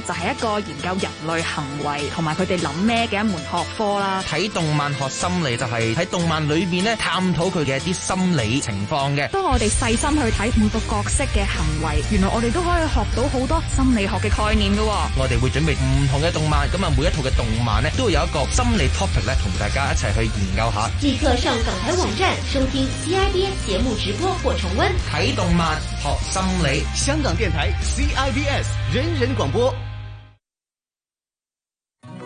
就係一個研究人類行為同埋佢哋諗咩嘅一門學科啦。睇動漫學心理就係喺動漫裏面咧探討佢嘅一啲心理情況嘅。當我哋細心去睇每個角色嘅行為，原來我哋都可以學到好多心理學嘅概念噶。我哋會準備唔同嘅動漫，咁啊每一套嘅動漫咧都會有一個心理 topic 咧同大家一齊去研究下。即刻上港台網站收聽 CIBS 節目直播或重溫。睇動漫學心理，香港電台 CIBS 人人廣播。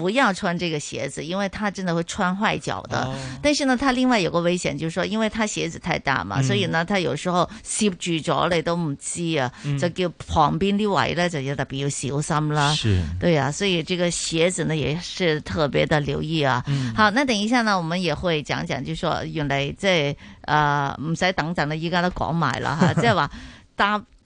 不要穿這個鞋子，因為他真的會穿壞腳的。哦、但是呢，他另外有個危險，就是說，因為他鞋子太大嘛，嗯、所以呢，他有時候吸住咗你都唔知啊、嗯，就叫旁邊啲位呢，就要特別要小心啦。是，對啊，所以這個鞋子呢也是特別的留意啊、嗯。好，那等一下呢，我們也會講講就是說，就說原來即係呃唔使等陣啦，依家都講埋啦哈，即係話搭。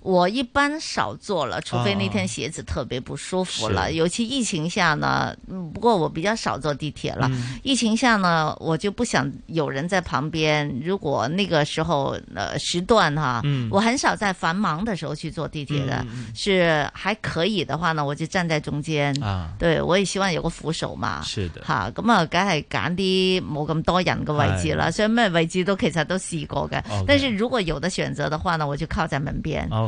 我一般少坐了，除非那天鞋子、哦、特別不舒服了。尤其疫情下呢，不過我比較少坐地鐵了、嗯。疫情下呢，我就不想有人在旁邊。如果那個時候呃時段哈、嗯，我很少在繁忙的時候去坐地鐵的。嗯、是、嗯、還可以的話呢，我就站在中間。啊、嗯，對，我也希望有個扶手嘛。是的，哈，咁啊，梗係揀啲冇咁多人嘅位置啦。所以咩位置都其實都試過嘅。但是如果有得選擇的話呢，我就靠在門邊。哦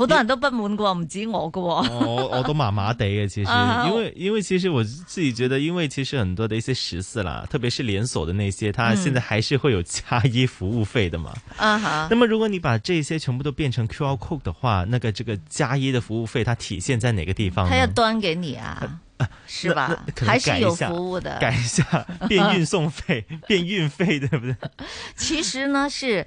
好多人都、嗯、不滿嘅，唔止我嘅。我我都麻麻地嘅，其實，啊、因為因為其實我自己覺得，因為其實很多的一些食肆啦，特別是連鎖的那些，它現在還是會有加一服務費的嘛。啊、嗯、哈。那麼如果你把這些全部都變成 QR code 的話，那個這個加一的服務費，它體現在哪個地方？它要端給你啊，啊啊是吧？還是有服務的？改一下，變運送費，啊、變運費，對不對？其實呢，是。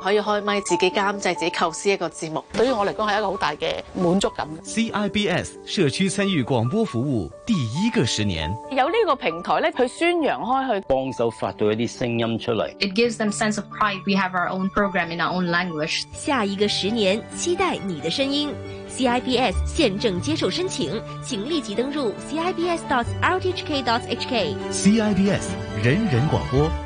可以開咪自己監製自己構思一個節目，對於我嚟講係一個好大嘅滿足感。CIBS 社區參與廣播服務第一個十年，有呢個平台咧去宣揚開去，幫手發到一啲聲音出嚟。It gives them sense of pride. We have our own program in our own language. 下一個十年，期待你的聲音。CIBS 現正接受申請，請立即登入 cibs.rthk.hk。CIBS 人人廣播。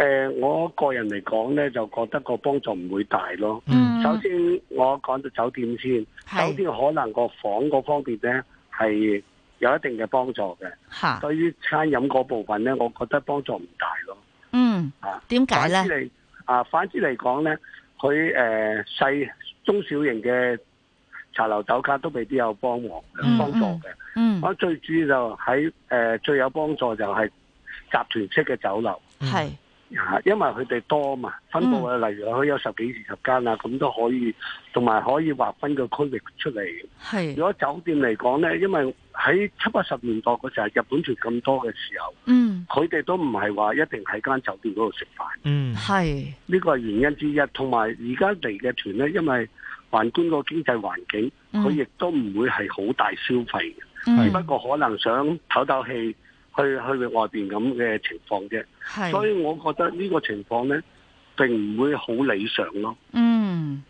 誒、呃，我個人嚟講咧，就覺得個幫助唔會大咯。嗯，首先我講到酒店先，酒店可能個房嗰方面咧係有一定嘅幫助嘅。吓，對於餐飲嗰部分咧，我覺得幫助唔大咯。嗯，點解咧？啊，反之嚟講咧，佢誒細中小型嘅茶樓酒家都未必有幫忙幫、嗯、助嘅、嗯。嗯，我最主要就喺誒、呃、最有幫助就係集團式嘅酒樓。係、嗯。嗯因為佢哋多啊嘛，分布啊、嗯，例如可有十幾二十間啊，咁都可以，同埋可以劃分個區域出嚟。係，如果酒店嚟講咧，因為喺七八十年代嗰時候，日本團咁多嘅時候，嗯，佢哋都唔係話一定喺間酒店嗰度食飯，嗯，係呢個係原因之一。同埋而家嚟嘅團咧，因為環觀個經濟環境，佢、嗯、亦都唔會係好大消費、嗯，只不過可能想透透氣。去去外邊咁嘅情況啫，所以我覺得呢個情況呢，並唔會好理想咯。嗯，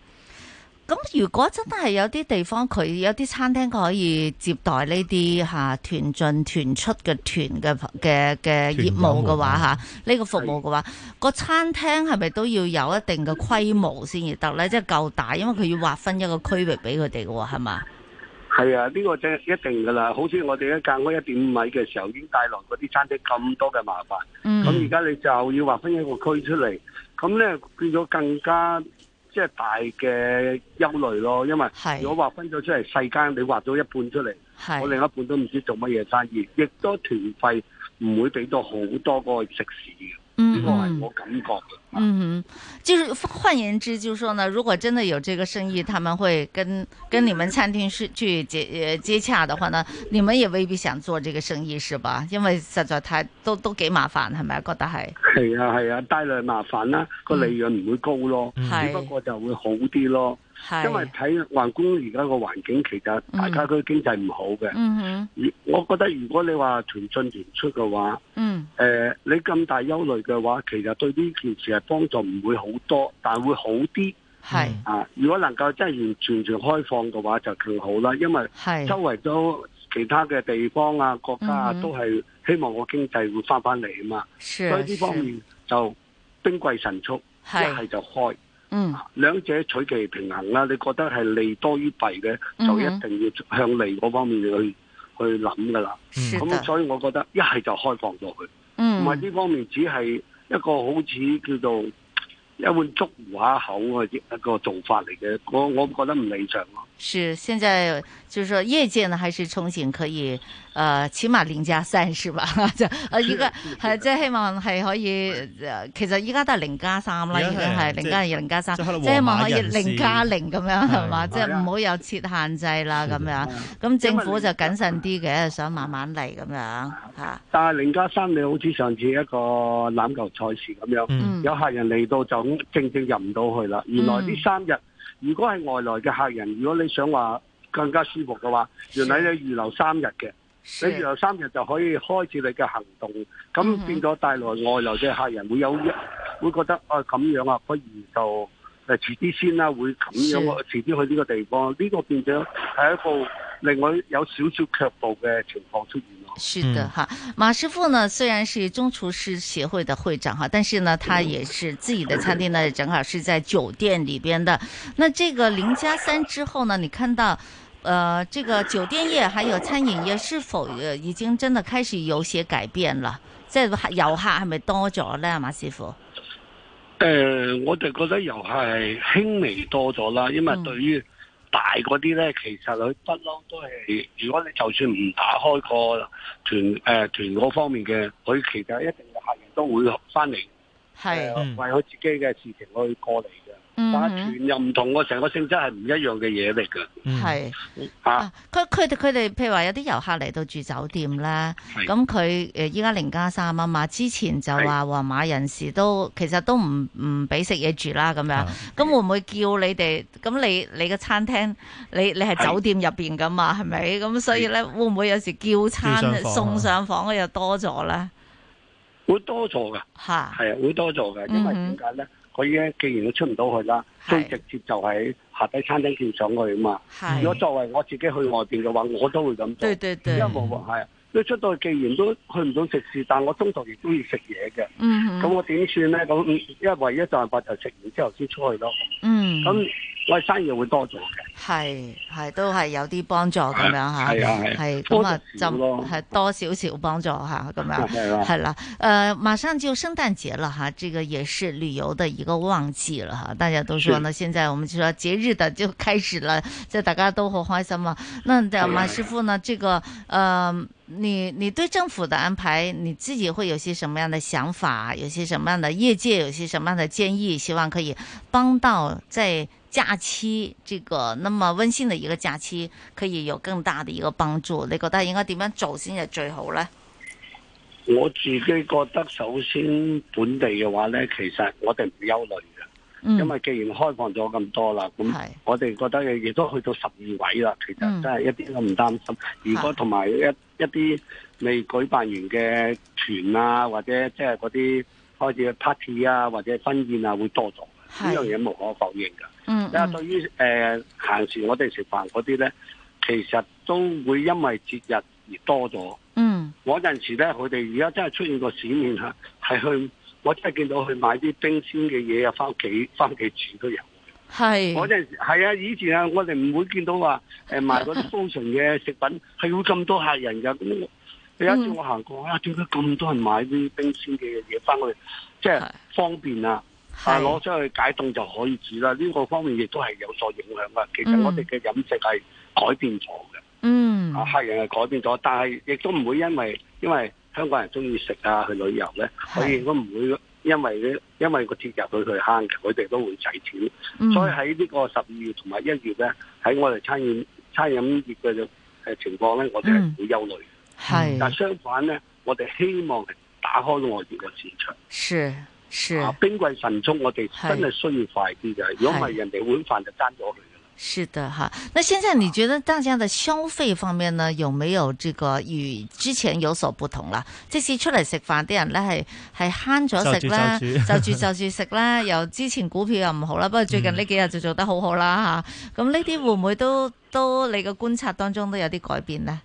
咁如果真係有啲地方，佢有啲餐廳可以接待呢啲吓團進團出嘅團嘅嘅嘅業務嘅話吓，呢、呢個服務嘅話，是的個餐廳係咪都要有一定嘅規模先至得呢？即係夠大，因為佢要劃分一個區域俾佢哋㗎係嘛？是係啊，呢個就係一定噶啦，好似我哋一間屋一點五米嘅時候，已經帶來嗰啲餐廳咁多嘅麻煩。嗯。咁而家你就要劃分一個區出嚟，咁咧變咗更加即係大嘅憂慮咯。因為如果劃分咗出嚟世間，你劃咗一半出嚟，我另一半都唔知做乜嘢生意，亦都團費唔會俾到好多個食肆。嗯，嗯，嗯，就是換言之，就是說呢，如果真的有這個生意，他們會跟跟你們餐廳是去接誒接洽的話呢，你們也未必想做這個生意，是吧？因為實在太都都幾麻煩，係咪覺得係？係啊，係啊，帶來、啊、麻煩啦、啊，個利潤唔會高咯、mm-hmm.，只不過就會好啲咯。因為睇橫工而家個環境，其實大家都經濟唔好嘅。我、嗯嗯、我覺得如果你話團進團出嘅話，誒、嗯呃，你咁大憂慮嘅話，其實對呢件事係幫助唔會好多，但會好啲。係啊，如果能夠真係完全全開放嘅話就更好啦，因為周圍都其他嘅地方啊、國家啊是都係希望個經濟會翻翻嚟啊嘛。所以呢方面就兵貴神速，一係就開。嗯，兩者取其平衡啦，啊。你覺得係利多於弊嘅，就一定要向利嗰方面去，嗯、去諗噶啦。咁所以我覺得一係就開放咗佢，唔係呢方面只係一個好似叫做一碗粥糊下口嘅一個做法嚟嘅。我我覺得唔理想咯。是，現在。就是說業界呢，還是憧憬可以，誒、呃，起碼零加三是吧？就， 誒，依家係即係希望係可以，是是其實依家都係零加三啦，依家係零加二、零加三，是是是希望可以零加零咁樣係嘛？即係唔好有設限制啦咁樣。咁、嗯嗯嗯、政府就謹慎啲嘅，想慢慢嚟咁樣吓。但係零加三，你好似上次一個欖球賽事咁樣，嗯、有客人嚟到就正正入唔到去啦。原來呢三日，嗯、如果係外來嘅客人，如果你想話。更加舒服嘅話，原嚟你預留三日嘅，你預留三日就可以開始你嘅行動，咁變咗帶來外來嘅客人會有，會覺得啊咁樣啊，不如就。誒遲啲先啦，會咁樣喎，遲啲去呢個地方，呢個變咗係一個另外有少少卻步嘅情況出現咯。是的，哈、嗯，馬師傅呢，雖然是中廚師協會的會長哈，但是呢、嗯，他也是自己的餐廳呢，嗯、正好是在酒店裏邊的。那這個零加三之後呢，你看到，呃，這個酒店業還有餐飲業是否已經真的開始有些改變啦？在係遊客係咪多咗呢？馬師傅？誒、呃，我哋覺得又係輕微多咗啦，因為對於大嗰啲咧，其實佢不嬲都係，如果你就算唔打開個團誒團嗰方面嘅，佢其實一定嘅客人都會翻嚟，係、呃、為佢自己嘅事情去過嚟。划船又唔同我成個性質係唔一樣嘅嘢嚟㗎。係嚇，佢佢哋佢哋，譬如話有啲遊客嚟到住酒店咧，咁佢誒依家零加三啊嘛，他之前就話黃碼人士都其實都唔唔俾食嘢住啦咁樣，咁會唔會叫你哋咁你你個餐廳你你係酒店入邊噶嘛，係咪？咁所以咧會唔會有時叫餐送上房嘅又多咗咧？會多咗噶嚇，係啊會多咗嘅，因為點解咧？我所以，既然都出唔到去啦，都直接就喺下底餐廳叫上去啊嘛。如果作為我自己去外邊嘅話，我都會咁做，對對對。因為係，你出到去，既然都去唔到食肆，但我中途亦鍾意食嘢嘅。咁、嗯、我點算咧？咁因為唯一就辦法就食完之後先出去咯。嗯我生意會多咗嘅，係係都係有啲幫助咁樣吓，係啊係，係咁啊就係、啊、多少少幫助吓咁樣。係啊，好啦，誒、呃，馬上就聖誕節了哈，這個也是旅遊的一個旺季了哈。大家都說呢，現在我們就說節日的就開始了，即大家都好開心嘛。那馬師傅呢，啊、這個，呃你你對政府的安排，你自己會有些什麼樣的想法？有些什麼樣的業界？有些什麼樣的建議？希望可以幫到在。假期這個那麼溫馨的一個假期，可以有更大的一個幫助。你覺得應該點樣做先係最好呢？我自己覺得，首先本地嘅話呢，其實我哋唔憂慮嘅，因為既然開放咗咁多啦，咁我哋覺得亦都去到十二位啦，其實真係一啲都唔擔心、嗯。如果同埋一一啲未舉辦完嘅團啊，或者即係嗰啲開始 party 啊，或者婚宴啊，會多咗。呢樣嘢無可否認噶。咁、嗯、啊，嗯、對於誒閒時我哋食飯嗰啲咧，其實都會因為節日而多咗。嗯，嗰陣時咧，佢哋而家真係出現個市面吓，係去我真係見到去買啲冰鮮嘅嘢啊，翻屋企翻屋企煮都有。係嗰陣時係啊，以前啊，我哋唔會見到話誒賣嗰啲高存嘅食品係、啊、會咁多客人噶。咁有一次我行過、嗯，啊，點解咁多人買啲冰鮮嘅嘢翻去，即係方便啊！啊！攞出去解凍就可以煮啦。呢、這個方面亦都係有所影響噶。其實我哋嘅飲食係改變咗嘅。嗯，啊客人係改變咗，但係亦都唔會因為因為香港人中意食啊去旅遊咧，佢亦都唔會因為咧，因為個節日去去慳，佢哋都會使錢、嗯。所以喺呢個十二月同埋一月咧，喺我哋餐飲餐飲業嘅嘅情況咧，我哋係好憂慮的。係、嗯嗯，但相反咧，我哋希望係打開外邊嘅市場。是。是兵貴神速，我哋真係需要快啲嘅。如果唔係，人哋碗飯就爭咗佢。是的哈，那現在你覺得大家的消費方面呢，有沒有這個與之前有所不同啦？即使出嚟食飯啲人咧，係係慳咗食啦，就住就住食啦。由 之前股票又唔好啦，不過最近呢幾日就做得好好啦吓。咁呢啲會唔會都都你個觀察當中都有啲改變呢？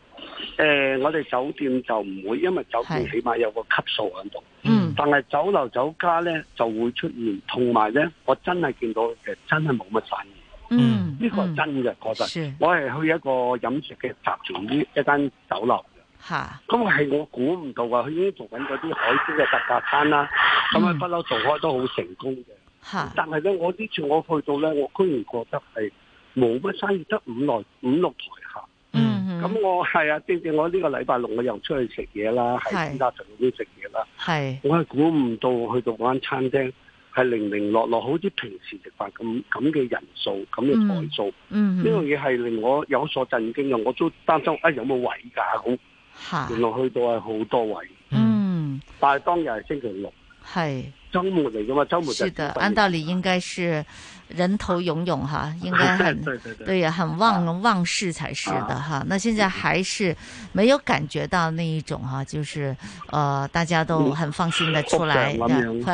誒、呃，我哋酒店就唔會，因為酒店起碼有個級數喺度。嗯。但係酒樓酒家咧就會出現，同埋咧我真係見到誒，真係冇乜生意。嗯，呢、這個係真嘅，嗯、覺得，我係去一個飲食嘅集團啲一間酒樓。吓。咁係我估唔到啊！佢已經做緊嗰啲海鮮嘅特價餐啦，咁啊不嬲做開都好成功嘅。吓。但係咧，我之前我去到咧，我居然覺得係冇乜生意，得五來五六台客。嗯、mm -hmm.，咁我係啊，正正我呢個禮拜六我又出去食嘢啦，喺天加城嗰邊食嘢啦，係，我係估唔到去到嗰間餐廳係零零落落，好似平時食飯咁咁嘅人數，咁嘅台數，呢樣嘢係令我有所震驚嘅，我都擔心啊、哎、有冇位噶，原來去到係好多位，嗯、mm -hmm.，但係當日係星期六。係周末嚟噶嘛？周末是的，按道理應該是人頭湧湧哈，應該很 對呀，很旺旺市，啊，才是的哈，啊。那現在還是沒有感覺到那一種哈，就是，呃，大家都很放心的出來快，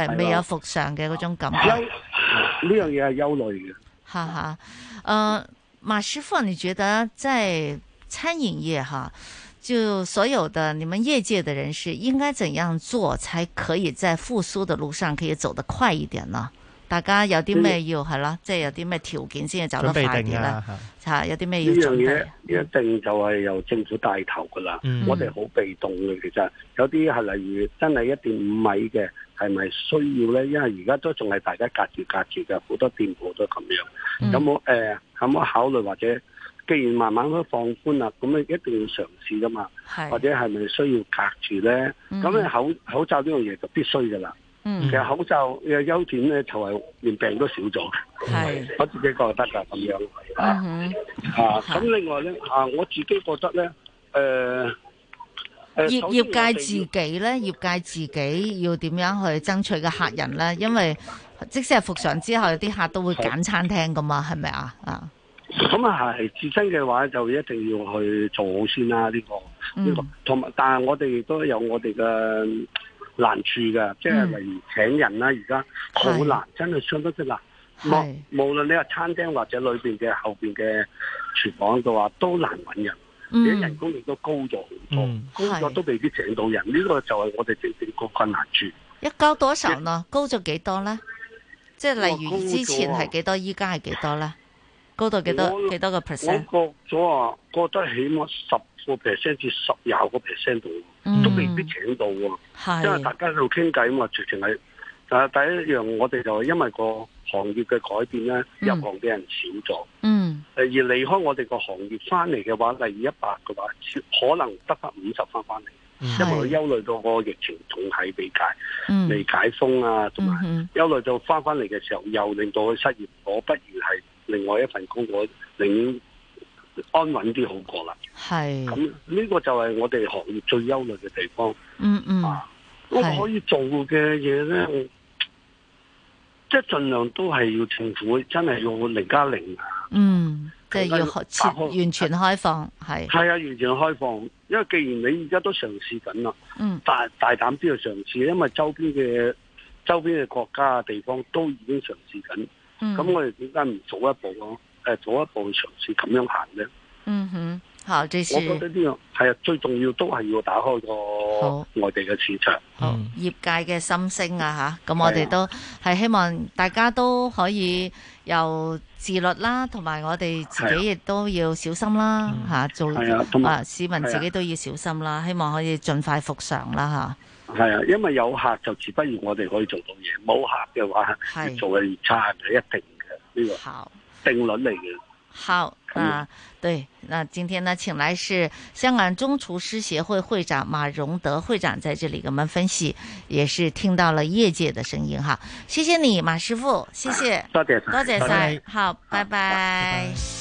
嗯，沒有復常嘅嗰種感覺。呢樣嘢係憂慮嘅哈哈，誒，呃，馬師傅，你覺得在餐飲業哈？就所有的你們業界的人士，應該怎樣做，才可以在復蘇的路上可以走得快一點呢？大家有啲咩要係啦，即係有啲咩條件先係走得快啲咧？吓、啊啊，有啲咩要？呢樣嘢一定就係由政府帶頭噶啦、嗯，我哋好被動嘅。其實有啲係例如真係一點五米嘅，係咪需要咧？因為而家都仲係大家隔住隔住嘅，好多店鋪都咁樣。有冇誒，有冇、呃、考慮或者？既然慢慢都放寬啦，咁你一定要嘗試噶嘛，或者係咪需要隔住咧？咁你口口罩呢樣嘢就必須噶啦、嗯。其實口罩嘅優點咧就係連病都少咗。係，我自己覺得噶咁樣啊、嗯、啊。咁另外咧啊，我自己覺得咧，誒、呃、業要業界自己咧，業界自己要點樣去爭取嘅客人咧？因為即使係復常之後，有啲客人都會揀餐廳噶嘛，係咪啊啊？咁啊，係自身嘅話就一定要去做好先啦、啊。呢個呢個，同、嗯、埋、這個、但係我哋亦都有我哋嘅難處嘅、嗯，即係例如請人啦、啊，而家好難，真係相當之難。無無論你話餐廳或者裏邊嘅後邊嘅廚房嘅話，都難揾人，啲、嗯、人工亦都高咗好多，工、嗯、作都未必請到人。呢、這個就係我哋正正個困難處。一交多少啊？高咗幾多咧？即係例如之前係幾多，依家係幾多咧？嗰度幾多幾多個 percent？我覺咗啊，覺得起碼十個 percent 至十廿個 percent 度，都未必請到啊。係，因為大家喺度傾偈咁啊，完全係啊。但係第一樣，我哋就因為個行業嘅改變咧、嗯，入行嘅人少咗。嗯。誒，而離開我哋個行業翻嚟嘅話，例如一百嘅話，可能得翻五十翻翻嚟，因為佢憂慮到個疫情仲係未解，未解封啊，同埋憂慮到翻翻嚟嘅時候、嗯、又令到佢失業，我不如係。另外一份工，我寧願安穩啲好過啦。係，咁呢、這個就係我哋行業最憂慮嘅地方。嗯嗯，我、啊、可以做嘅嘢咧，即係盡量都係要政府真係要零加零啊。嗯，即係要完全開放，係、啊。係啊，完全開放，因為既然你而家都嘗試緊啦，嗯，大大膽啲去嘗試，因為周邊嘅周邊嘅國家地方都已經嘗試緊。咁、嗯、我哋點解唔早一步咯？誒，早一步嘗試咁樣行呢？嗯哼，好，我覺得呢樣係啊，最重要都係要打開個外地嘅市場。好，好嗯、業界嘅心聲啊，吓，咁我哋都係希望大家都可以有自律啦，同埋我哋自己亦都要小心啦，吓、啊啊、做啊市民自己都要小心啦，啊、希望可以盡快復常啦，吓。係啊，因為有客就只不如我哋可以做到嘢，冇客嘅話，越做嘅越差係一定嘅，呢個定論嚟嘅。好，那、啊、對，那今天呢，請來是香港中廚師協會會長馬榮德會長在這裏跟我們分析，也是聽到了業界的聲音哈。謝謝你，馬師傅，謝謝、啊、多謝多謝晒，好，拜拜。拜拜。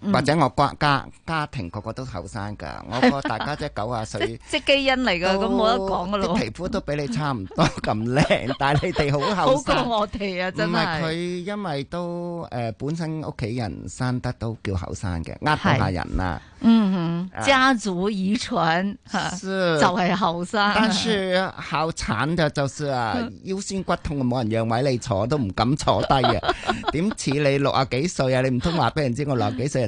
或者我家家家庭個個都後生噶，我個大家姐九啊歲，即，即基因嚟噶，咁冇得講噶咯。皮膚都比你差唔多咁靚， 但係你哋好後，好過我哋啊！真係。唔係佢因為都誒、呃、本身屋企人生得都叫後生嘅，呃下人啦。嗯、啊，家族遺傳就係後生。但是好慘嘅就是、啊、 腰酸骨痛冇人讓位你坐，都唔敢坐低嘅。點 似你六啊幾歲啊？你唔通話俾人知我六啊幾歲？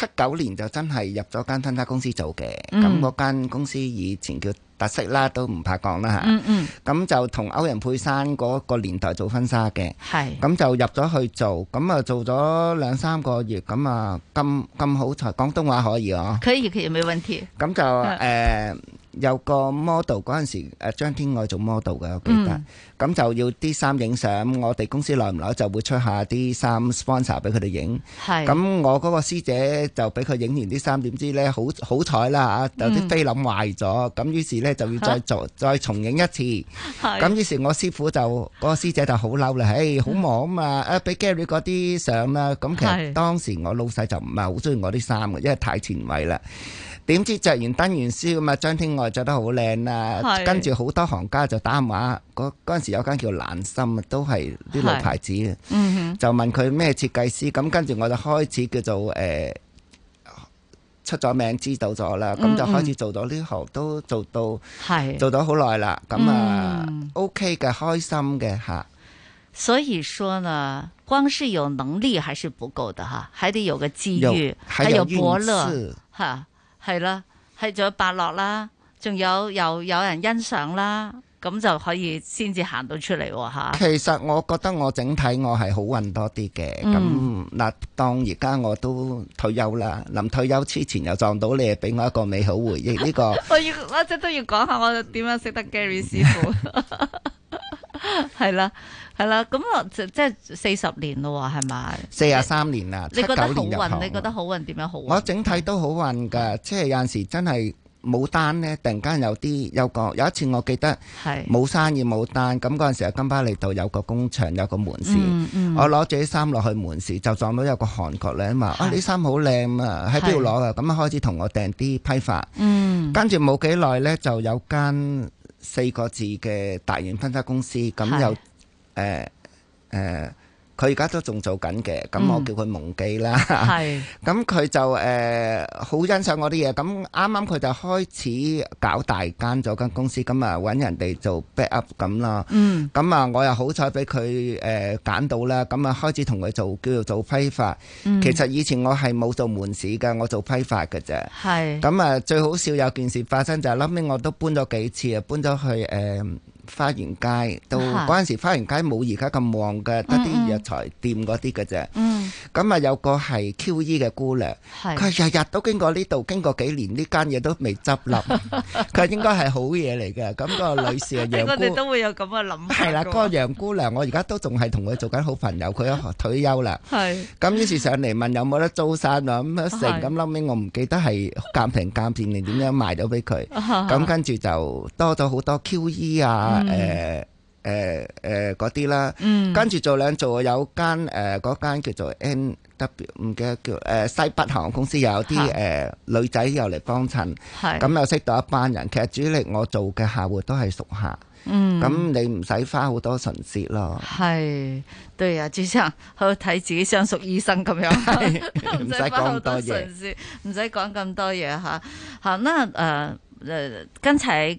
七九年就真係入咗間婚紗公司做嘅，咁嗰間公司以前叫特色啦，都唔怕講啦吓。咁、嗯嗯、就同歐陽佩珊嗰個年代做婚紗嘅，咁就入咗去做，咁啊做咗兩三個月，咁啊咁咁好彩，廣東話可以哦、啊。可以可以，冇問題。咁就誒。有個 model 嗰陣時，誒張天愛做 model 嘅，我記得。咁、嗯、就要啲衫影相，我哋公司耐唔耐就會出下啲衫 sponsor 俾佢哋影。咁我嗰個師姐就俾佢影完啲衫，點知咧好好彩啦嚇，有啲菲林壞咗。咁、嗯、於是咧就要再做、啊、再重影一次。咁於是，我師傅就、嗰個師姐就好嬲啦，唉、欸，好忙嘛啊，啊俾 Gary 嗰啲相啦。咁其實當時我老細就唔係好中意我啲衫嘅，因為太前衞啦。點知着完登完銷咁啊？張天愛着得好靚啦，跟住好多行家就打電話。嗰嗰陣時有間叫蘭心，都係啲老牌子嘅，就問佢咩設計師。咁跟住我就開始叫做誒、呃、出咗名，知道咗啦。咁就開始做到呢、這、行、個嗯嗯，都做到，係做到好耐啦。咁啊、嗯、，OK 嘅，開心嘅吓、啊。所以說呢，光是有能力還是不夠的哈，還得有個機遇，還有伯樂哈。啊係啦，係仲有伯樂啦，仲有又，又有人欣賞啦，咁就可以先至行到出嚟吓、啊。其實我覺得我整體我係好運多啲嘅，咁、嗯、嗱，當而家我都退休啦，臨退休之前又撞到你，俾我一個美好回憶呢、這個。 我要我即都要講下我點樣識得 Gary 師傅，係啦。係啦，咁、嗯、我即係四十年咯，喎，係嘛你？四啊三年啦，七九年入行。你覺得好運？你覺得好運點樣好運？我整體都好運㗎，即係有陣時真係冇單呢。突然間有啲有個有一次，我記得冇生意冇單，咁嗰陣時金巴利道有個工場有個門市，嗯嗯、我攞住啲衫落去門市就撞到有個韓國女啊嘛，啊啲衫好靚啊，喺邊度攞啊？咁啊是開始同我訂啲批發，跟住冇幾耐呢，就有間四個字嘅大型分銷公司咁又。嗯嗯誒誒，佢而家都仲做緊嘅，咁我叫佢蒙記啦。係、嗯，咁佢 就誒、呃、好欣賞我啲嘢。咁啱啱佢就開始搞大間咗間公司，咁啊搵人哋做 backup 咁啦。嗯，咁啊我又好彩俾佢誒揀到啦。咁啊開始同佢做叫做做批發。嗯、其實以前我係冇做門市噶，我做批發噶啫。係是，咁啊、嗯、最好笑有件事發生就係，諗起我都搬咗幾次，搬咗去誒。呃花園街到嗰陣時，花園街冇而家咁旺嘅，得啲藥材店嗰啲嘅啫。咁啊，有個係 QE 嘅姑娘，佢日日都經過呢度，經過幾年呢間嘢，都未執笠。佢應該係好嘢嚟嘅。咁嗰個女士啊，楊，我哋都會有咁嘅諗法。係啦，嗰個楊姑娘，我而家都仲係同佢做緊好朋友，佢啊退休啦。係。咁於是上嚟問有冇得租散啊？咁啊成咁後尾我唔記得係暫停、間斷定點樣賣咗俾佢。咁跟住就多咗好多 QE 啊！誒誒誒嗰啲啦，跟、嗯、住做兩做有間誒嗰間叫做 N W 唔記得叫誒、呃、西北航空公司，有呃、又有啲誒女仔又嚟幫襯，咁又識到一班人。其實主力我做嘅客戶都係熟客，咁、嗯、你唔使花好多唇舌咯。係，對啊，主持人去睇自己相熟醫生咁樣，唔使講好多嘢，唔使講咁多嘢吓。 好，那誒誒，剛、呃、才。跟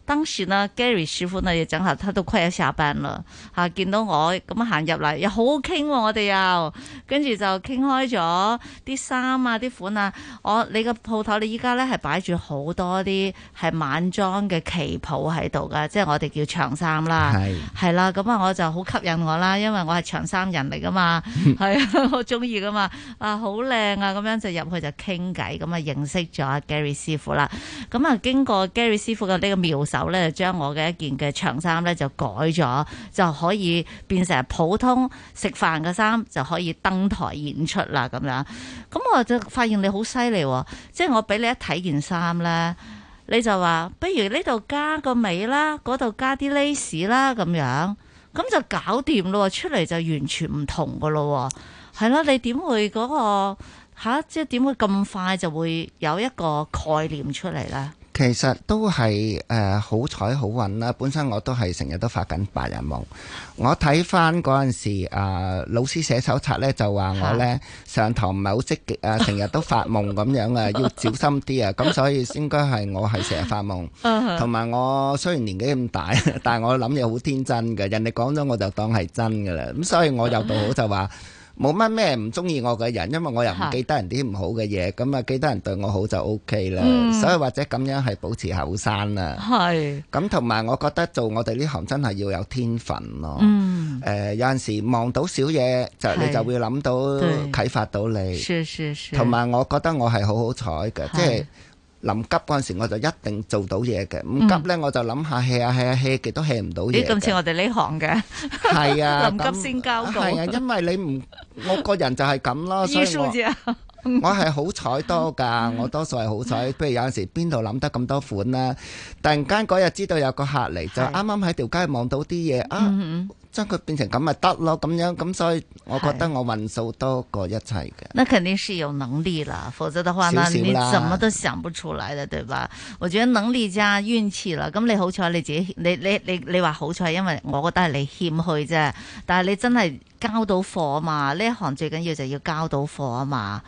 當時咧，Gary 師傅咧亦整下，他都快下下班啦吓，見到我咁行入嚟，又好傾喎，我哋又跟住就傾開咗啲衫啊、啲、啊、款啊。我你個鋪頭，你依家咧係擺住好多啲係晚裝嘅旗袍喺度噶，即係我哋叫長衫啦，係啦。咁啊，我就好吸引我啦，因為我係長衫人嚟噶嘛，係 啊，我中意噶嘛啊，好靚啊，咁樣就入去就傾偈，咁啊認識咗阿 Gary 師傅啦。咁啊經過 Gary 師傅嘅呢個妙手。後咧，將我嘅一件嘅長衫咧就改咗，就可以變成普通食飯嘅衫，就可以登台演出啦咁樣。咁我就發現你好犀利，即係我俾你一睇件衫咧，你就話不如呢度加個尾啦，嗰度加啲 lace 啦咁樣，咁就搞掂咯，出嚟就完全唔同噶咯。係啦，你點會嗰、嗰個吓、啊，即係點會咁快就會有一個概念出嚟咧？其實都係誒，好彩好運啦！本身我都係成日都發緊白日夢，我睇翻嗰陣時啊、呃、老師寫手冊呢，就話我呢上堂唔係好積極啊，成日都發夢咁樣啊，要小心啲啊！咁所以應該係我係成日發夢，同埋我雖然年紀咁大，但係我諗嘢好天真嘅，人哋講咗我就當係真噶啦，咁所以我有道好就話。冇乜咩唔中意我嘅人，因為我又唔記得人啲唔好嘅嘢，咁啊記得人對我好就 OK 啦。所以或者咁樣係保持後生啦。係。咁同埋我覺得做我哋呢行真係要有天分咯。嗯呃、有陣時望到少嘢就你就會諗到啟發到你。同埋我覺得我係好好彩嘅，即係。就是臨急嗰陣時，我就一定做到嘢嘅。唔、嗯、急呢，我就諗下 hea、嗯、啊 hea 啊 hea 極都 hea 唔到嘢。咦、啊，咁似、啊啊、我哋呢行嘅，臨、啊、 急先交貨。係啊，因為你唔，我個人就係咁咯。 所以我，我係好彩多噶，嗯、我多數係好彩。譬、嗯、如有陣時邊度諗得咁多款啦，突然間嗰日知道有個客嚟，就啱啱喺條街望到啲嘢啊！ 將佢變成咁咪得咯，咁樣咁，所以我覺得我運數多過一切嘅。那肯定是有能力啦，否則的話呢，你怎麼都想不出來啦，對吧？我覺得能力加運氣啦，咁你好彩你自己，你你你你話好彩，因為我覺得係你謙虛啫。但係你真係交到貨啊嘛，呢一行最緊要就要交到貨啊嘛，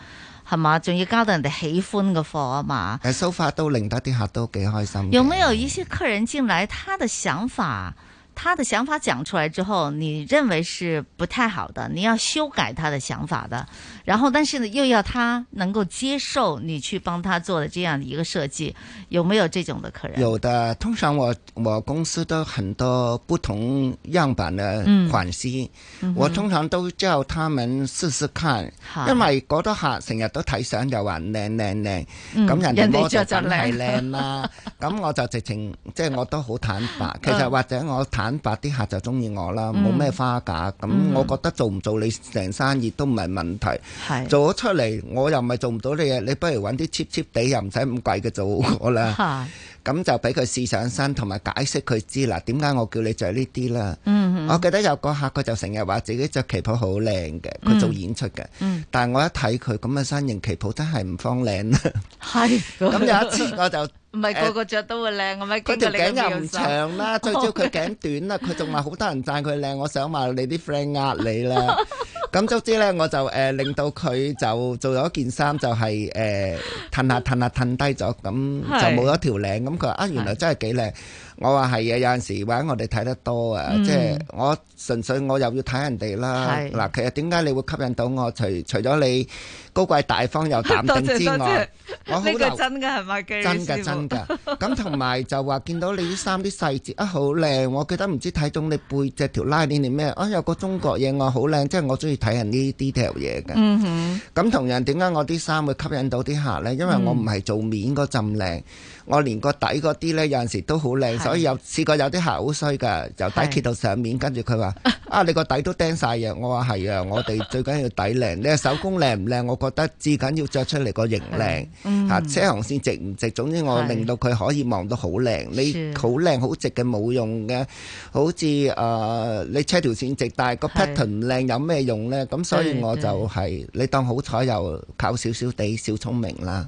係嘛？仲要交到人哋喜歡嘅貨啊嘛。誒、呃，so far 都令得啲客都幾開心。有冇有一些客人進來，他的想法？他的想法講出來之後，你認為是不太好的，你要修改他的想法的。然後，但是呢，又要他能夠接受你去幫他做的這樣的一個設計，有沒有這種的客人？有的，通常我我公司都很多不同樣板的款式，嗯、我通常都叫他們試試看，嗯、因為好多客成日都睇相，就話靚靚靚，咁、嗯嗯、人哋就就靚靚啦。咁 我就直情即係我都好坦白，其實或者我談。坦白啲客就中意我啦，冇咩花架，咁、嗯嗯、我覺得做唔做你成生意都唔係問題。係做咗出嚟，我又咪做唔到你嘢，你不如揾啲 cheap cheap 地又唔使咁貴嘅做我啦。係咁就俾佢試上身，同埋解釋佢知嗱，點解我叫你着呢啲啦。嗯，嗯，我記得有個客佢就成日話自己着旗袍好靚嘅，佢做演出嘅、嗯嗯。但係我一睇佢咁嘅身形，旗袍真係唔方靚。係咁 有一次我就。唔係個個着都會靚嘅咩？佢條、欸、頸又唔長啦， 最主要佢頸短啦，佢仲話好多人讚佢靚，我想話你啲 friend 呃你啦。咁 總之呢，我就誒、呃、令到佢就做咗件衫，就係誒褪下褪下褪低咗，咁就冇咗條領。咁佢話啊，原來真係幾靚。我話係啊，有陣時玩我哋睇得多啊，嗯、即係我純粹我又要睇人哋啦。嗱是，其實點解你會吸引到我？除除咗你高貴大方又淡定之外， 多謝我好流。呢個真嘅係咪？真嘅真嘅。咁同埋就話見到你啲衫啲細節啊，好靚！我記得唔知睇中你背脊條拉鏈定咩？啊，有個中國嘢，啊就是、我好靚，即係、嗯、哼我中意睇人呢啲 detail 嘢嘅。咁同樣點解我啲衫會吸引到啲客咧？因為我唔係做面嗰陣靚。嗯我連個底嗰啲呢，有陣時都好靚，所以有試過有啲鞋好衰㗎，由底揭到上面，跟住佢話： 啊，你個底都釘晒嘅。我話係啊，我哋最緊要底靚。你手工靚唔靚？我覺得至緊要着出嚟個型靚吓，車行線直唔直？總之我令到佢可以望到好靚。你好靚好直嘅冇用嘅，好似誒、呃、你車條線直，但係個 pattern 唔靚，有咩用呢？咁所以我就係、是、你當好彩，又靠少少地，小聰明啦。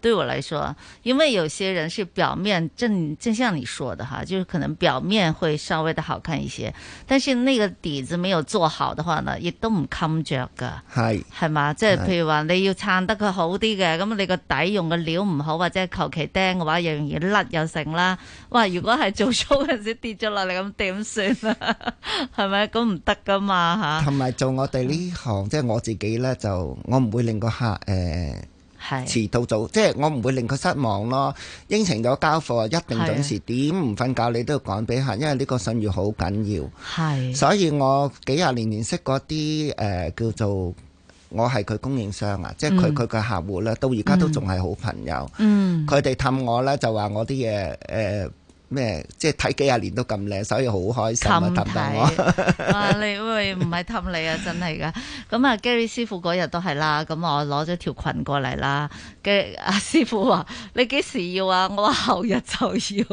對我嚟說，因為有些人是表面正正像你說的哈，就是可能表面會稍微的好看一些，但是那個底子沒有做好的話呢，亦都唔襟着噶。係係嘛，即係、就是、譬如話你要撐得佢好啲嘅，咁你個底用嘅料唔好或者求其釘嘅話，又容易甩又成啦。哇！如果係做粗嗰陣時跌咗落嚟咁點算啊？係 咪？咁唔得噶嘛嚇。同、啊、埋做我哋呢行，嗯、即係我自己咧，就我唔會令個客誒。呃遲到早，即係我唔會令佢失望咯。應承咗交貨一定準時，點唔瞓覺你都要趕畀客，因為呢個信譽好緊要。係，所以我幾廿年年識嗰啲誒叫做我係佢供應商啊，即係佢佢嘅客戶咧，到而家都仲係好朋友。嗯他們我，佢哋氹我咧就話我啲嘢誒。呃咩？即係睇幾廿年都咁靚，所以好開心啊！氹 你，我你會唔係氹你啊？真係噶。咁啊，Gary 師傅嗰日都係啦。咁我攞咗條裙過嚟啦。嘅、啊、阿師傅話：你幾時要啊？我話後日就要。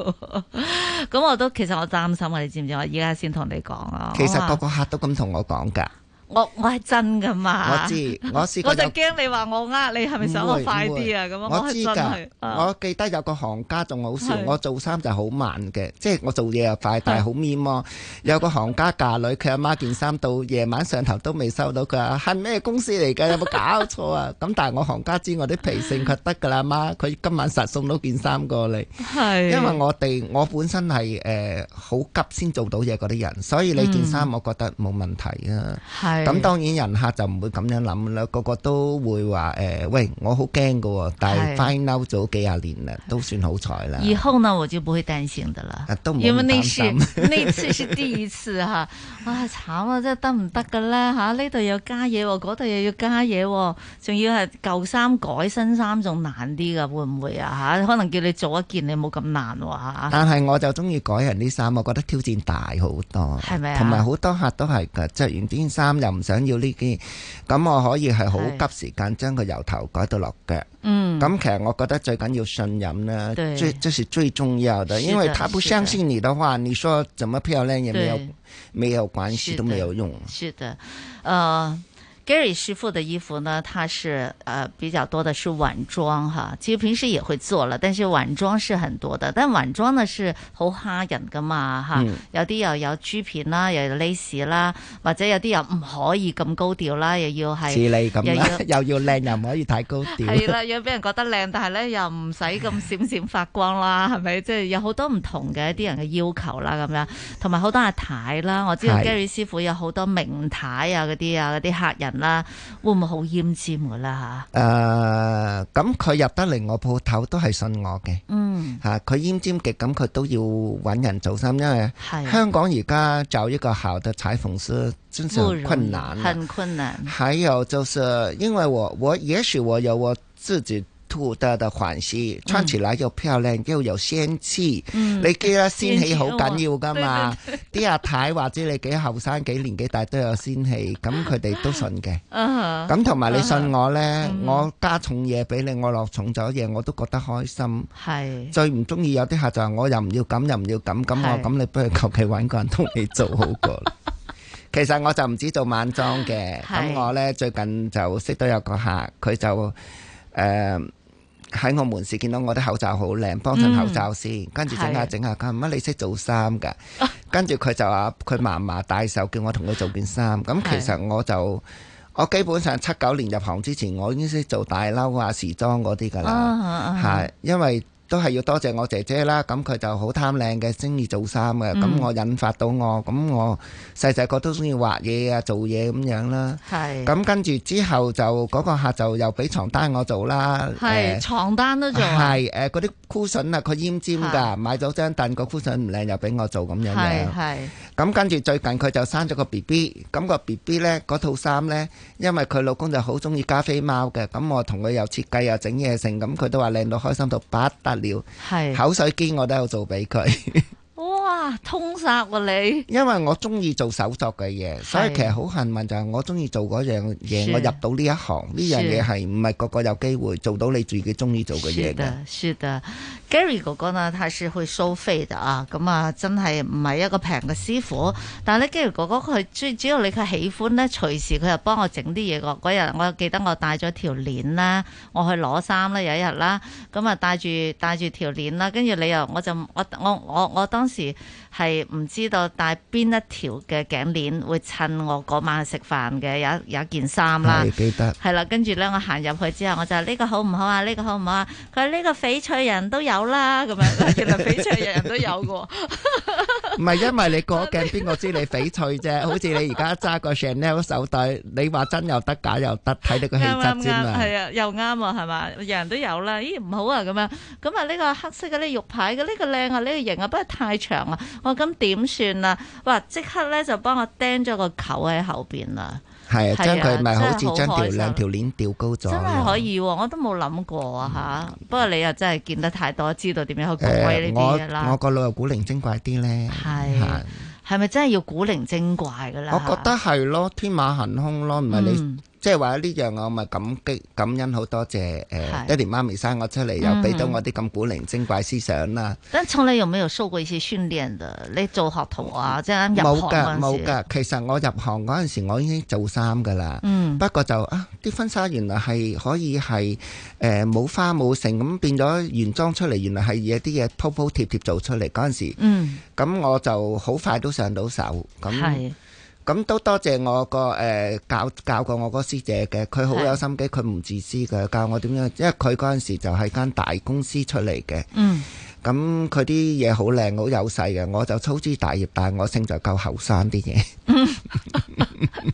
咁 我都其實我擔心嘅、啊，你知唔知我而家先同你講啊。其實個個客都咁同我講㗎。我我係真噶嘛？我知，我試過。我就驚你話我呃你，係咪想我快啲啊？咁樣我知噶。我記得有個行家仲好笑，我做衫就好慢嘅，即係我做嘢又快，但係好慢麼？有個行家嫁女，佢阿媽件衫到夜晚上，上頭都未收到，佢話係咩公司嚟嘅？有冇搞錯啊？咁 但係我行家知我啲脾性，佢得噶啦，阿媽，佢今晚實送到件衫過嚟。係，因為我哋我本身係誒好急先做到嘢嗰啲人，所以你件衫我覺得冇問題啊。係。咁當然人客就唔會咁樣諗啦，個個都會話誒、欸，喂，我好驚嘅，但係 final 咗幾廿年啦，都算好彩啦。以後呢我就不會了擔心的啦，因為呢次呢 次係第二次嚇、啊，啊，慘啊，真係得唔得嘅咧嚇？呢、啊、度、啊啊、要加嘢，嗰度又要加嘢，仲要係舊衫改新衫，仲難啲嘅，會唔會啊嚇、啊？可能叫你做一件你冇咁難喎、啊、但係我就中意改人啲衫，我覺得挑戰大好多，係咪啊？同埋好多客都係嘅，著完啲衫。又唔想要呢啲，咁我可以係好急時間將佢由頭改到落腳。咁、嗯、其實我覺得最緊要信任啦，最即係最重要嘅，因為他不相信你的話，的你說怎麼漂亮也沒有沒有關係，都沒有用。是的，呃 Gary 師傅的衣服呢，它是，呃，比較多的是晚裝哈，其實平時也會做了，但是晚裝是很多的，但晚裝呢，是好蝦人噶嘛，吓、嗯，有啲又有珠片啦，又有 lace 啦，或者有啲又唔可以咁高調啦，又要係，又要 又要靚，又唔可以太高調，係啦，要俾人覺得靚，但係咧又唔使咁閃閃發光啦，係 咪？即係有好多唔同嘅啲人嘅要求啦，咁樣，同埋好多阿太啦，我知道 Gary 師傅有好多名太啊嗰啲啊嗰啲客人。啦，會唔會好奄尖噶啦吓？誒，咁佢入得嚟我鋪頭都係信我嘅。嗯，吓佢奄尖極，咁佢都要揾人做衫，因為香港而家就一個好嘅裁縫師真係困難，很困難。還有就是因為我我，也許我有我自己。得得款式，穿起嚟又漂亮，又有仙氣。你記得仙氣好緊要噶嘛？啲阿太或者你幾後生，幾年紀大都有仙氣，咁佢哋都信嘅。咁同埋你信我呢，嗯、我加重嘢俾你，我落重咗嘢，我都覺得開心。係最唔中意有啲客就係我又唔要咁，又唔要咁，咁我咁你不如求其揾個人同你做好過。其實我就唔止做晚裝嘅，咁我呢，最近就識到有個客，佢就誒。呃喺我門市見到我啲口罩好靚，幫襯口罩先，跟、嗯、住整下整下，佢話乜你識做衫噶？跟住佢就話佢嫲嫲大壽叫我同佢做件衫，咁、啊、其實我就、啊、我基本上七九年入行之前，我已經識做大褸啊時裝嗰啲噶啦，係、啊啊、因為。都係要多謝，謝我姐姐啦，咁佢就好貪靚嘅，中意做衫嘅，咁、嗯、我引發到我，咁我細細個都中意畫嘢啊，做嘢咁樣啦。係。咁跟住之後就嗰、那個客就又俾床單我做啦。係、呃，床單都做。係，誒嗰啲箍筍啊，佢奄尖㗎，買咗張凳、那個箍筍唔靚，又俾我做咁樣樣。係。咁跟住最近佢就生咗個 B B，咁個 B B 呢，嗰、那個、套衫咧，因為佢老公就好中意加菲貓嘅，咁我同佢又設計又整嘢成，咁佢都話靚到開心到不係口水機我都有做俾佢。哇，通殺喎、啊、你！因為我中意做手作嘅嘢，所以其實好幸運就係我中意做嗰樣嘢，我入到呢一行，呢樣嘢係唔係個個有機會做到你自己中意做嘅嘢嘅？是的，是的。Gary 哥哥呢，佢係去收費啊，咁啊真係唔係一個平嘅師傅。但係呢 Gary 哥哥佢最主要你佢喜歡咧，隨時佢又幫我整啲嘢。嗰日我又記得我帶咗條鏈啦，我去攞衫啦有一日啦，咁啊帶住帶住條鏈啦，跟住你又我就我我我我當。當時係唔知道戴邊一條嘅頸鏈會襯我嗰晚食飯嘅，有有件衫啦、啊，係記得，係啦，跟住咧我行入去之後，我就呢個好唔好啊？呢個好唔好啊？佢話呢個翡翠人都有啦，咁樣其實翡翠人人都有嘅，唔 係 因為你個頸邊個知你翡翠啫， 好似你而家揸個 Chanel 手袋，你話真又得，假又得，睇到個氣質啫嘛，係啊，又啱啊，係嘛，人人都有啦，咦唔好啊咁樣，咁啊呢個黑色嘅呢玉牌嘅呢個靚啊，呢個型啊，不過太。長啊！我咁點算啊？哇、嗯！即刻咧就幫我釘咗個球喺後邊啦。係啊，將佢咪好似將條兩條鏈吊高咗。真係可以，我都冇諗過啊吓！不過你又真係見得太多，知道點樣去發揮呢啲嘢啦。我我個腦又古靈精怪啲咧。係係咪真係要古靈精怪嘅咧？我覺得係咯，天馬行空咯，唔係你。嗯即係話呢樣我咪感激感恩好多謝誒、呃，爹哋媽咪生我出嚟、嗯，又俾到我啲咁古靈精怪思想啦、啊。但係從來有沒有受過一次訓練嘅？你做學徒啊，即係入行嗰陣時冇噶冇噶。其實我入行嗰陣時，我已經做衫噶啦。嗯，不過就啊，啲婚紗原來係可以係誒冇花冇成咁變咗原裝出嚟，原來係有啲嘢鋪鋪貼貼做出嚟嗰陣時。嗯，咁我就好快都上到手咁。咁都多謝我個誒、呃、教教過我個師姐嘅，佢好有心機，佢唔自私嘅，教我點樣，因為佢嗰陣時就係間大公司出嚟嘅。嗯。咁佢啲嘢好靚好有勢嘅，我就粗枝大葉，但係我性就夠後生啲嘢。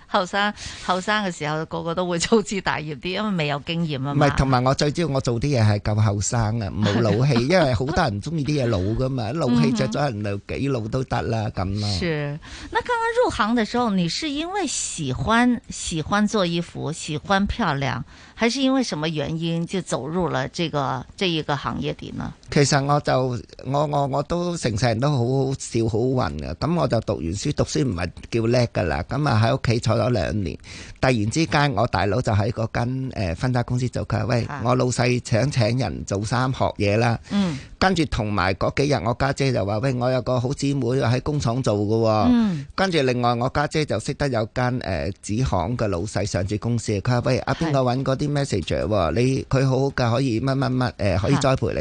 後生後生嘅時候個個都會粗枝大葉啲，因為未有經驗啊。唔係，同埋我最主要我做啲嘢係夠後生嘅，冇老氣， 因為好多人中意啲嘢老噶嘛，老氣着咗人就幾老都得啦咁咯。是，那剛剛入行的時候，你是因為喜歡喜歡做衣服、喜歡漂亮，還是因為什麼原因就走入了這個這一個行業裡呢？其實我就。我我我都成世人都好好笑好運啊，咁我就讀完書，讀書唔係叫叻噶啦，咁啊喺屋企坐咗兩年，突然之間我大佬就喺嗰間誒分家公司做，佢話喂，我老細請請人做衫學嘢啦、嗯，跟住同埋嗰幾日我家姐，姐就話喂，我有個好姊妹喺工廠做噶、哦嗯，跟住另外我家姐，姐就識得有間誒紙行嘅老細上住公司，佢話喂阿邊個搵嗰啲 message 你，佢好好嘅可以乜乜乜誒可以栽培你，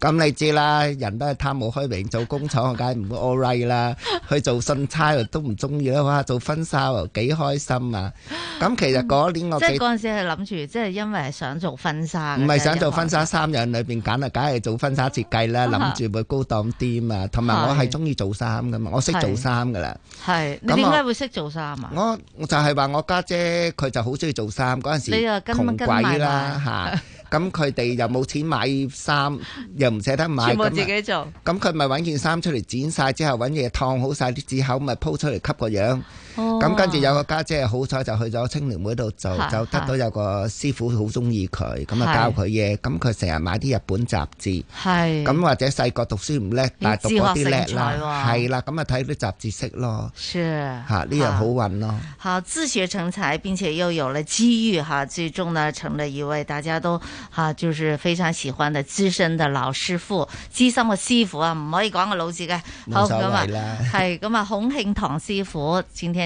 咁、嗯、你知啦。人都係貪慕虛榮，做工廠我梗係唔會 all right 啦。去做信差都唔中意啦，哇！做婚紗幾開心啊！咁其實嗰年我即係嗰陣時係諗住，即係因為想做婚紗。唔係想做婚紗，三樣裏邊揀啊，梗係做婚紗設計啦。諗住會高檔啲嘛，同埋我係中意做衫噶嘛，我識做衫噶啦。係，你點解會識做衫啊？我我就係話我家姐佢就好中意做衫嗰陣時，窮鬼啦嚇。咁佢哋又冇錢買衫，又唔捨得買，自己做，咁佢咪揾件衫出嚟剪晒之後，揾嘢燙好晒啲字口，咪鋪出嚟吸個樣。咁、哦、跟住有個家姐，姐，哦、好彩就去咗青年會度，就就得到有個師傅好中意佢，咁啊教佢嘢，咁佢成日買啲日本雜誌，咁或者細個讀書唔叻，但係讀嗰啲叻啦，係啦，咁啊睇啲雜誌識咯，嚇呢樣好運咯。嚇，自學成才、啊啊這個啊、學成才並且又有了機遇，哈，最終呢成了一位大家都嚇、啊，就是非常喜歡的資深的老師傅，資深嘅師傅啊，唔可以講個老字嘅。好咁啊，係咁啊， 孔慶棠師傅，今天。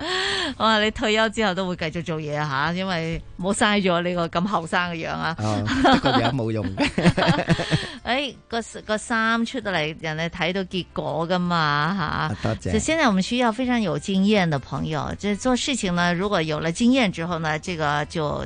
哇，你退休之後都會繼續做嘢吓，因為冇嘥咗呢個咁後生嘅樣啊，個樣冇用嘅。誒，個個衫出得嚟，人哋睇到結果噶嘛吓、啊。多謝。就現在我們需要非常有經驗的朋友，就做事情呢。如果有了經驗之後呢，這個就。